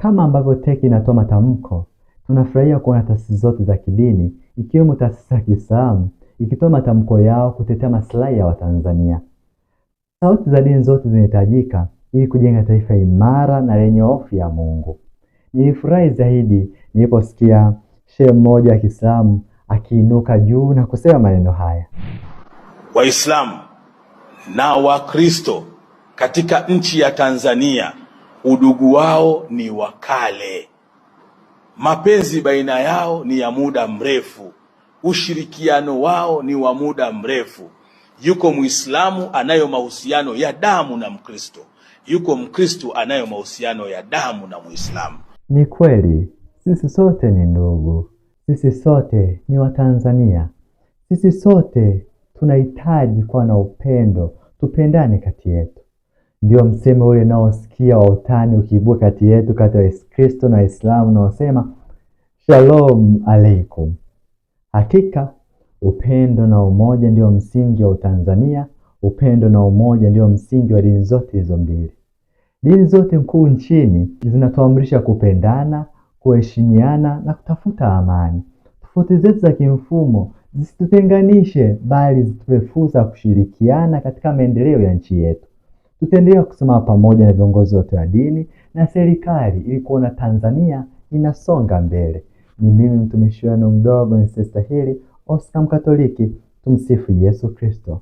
Kama ambavyo TEC inatoa matamko, tunafurahia kuona taasisi zote za kidini ikiwemo taasisi ya Kiislamu ikitoa matamko yao kutetea maslahi ya Watanzania. Sauti za dini zote zinahitajika ili kujenga taifa imara na lenye hofu ya Mungu. Nilifurahi zaidi niliposikia shehe mmoja wa Kiislamu akiinuka juu na kusema maneno haya: Waislamu na Wakristo katika nchi ya Tanzania udugu wao ni wa kale, mapenzi baina yao ni ya muda mrefu, ushirikiano wao ni wa muda mrefu. Yuko Mwislamu anayo mahusiano ya damu na Mkristo, yuko Mkristo anayo mahusiano ya damu na Mwislamu. Ni kweli sisi sote ni ndugu, sisi sote ni Watanzania, sisi sote tunahitaji kuwa na upendo, tupendane kati yetu ndio mseme ule naosikia wa utani ukiibua kati yetu, kati ya Yesu Kristo na Waislamu naosema shalom aleikum. Hakika upendo na umoja ndio msingi wa Utanzania. Upendo na umoja ndio msingi wa dini zote hizo mbili. Dini zote kuu nchini zinatuamrisha kupendana, kuheshimiana na kutafuta amani. Tofauti zetu za kimfumo zisitutenganishe, bali zitupe fursa ya kushirikiana katika maendeleo ya nchi yetu. Tutaendelea kusimama pamoja na viongozi wote wa dini na serikali ili kuona Tanzania inasonga mbele. Ni mimi mtumishi wenu mdogo ni hili Oscar Mkatoliki. Tumsifu Yesu Kristo.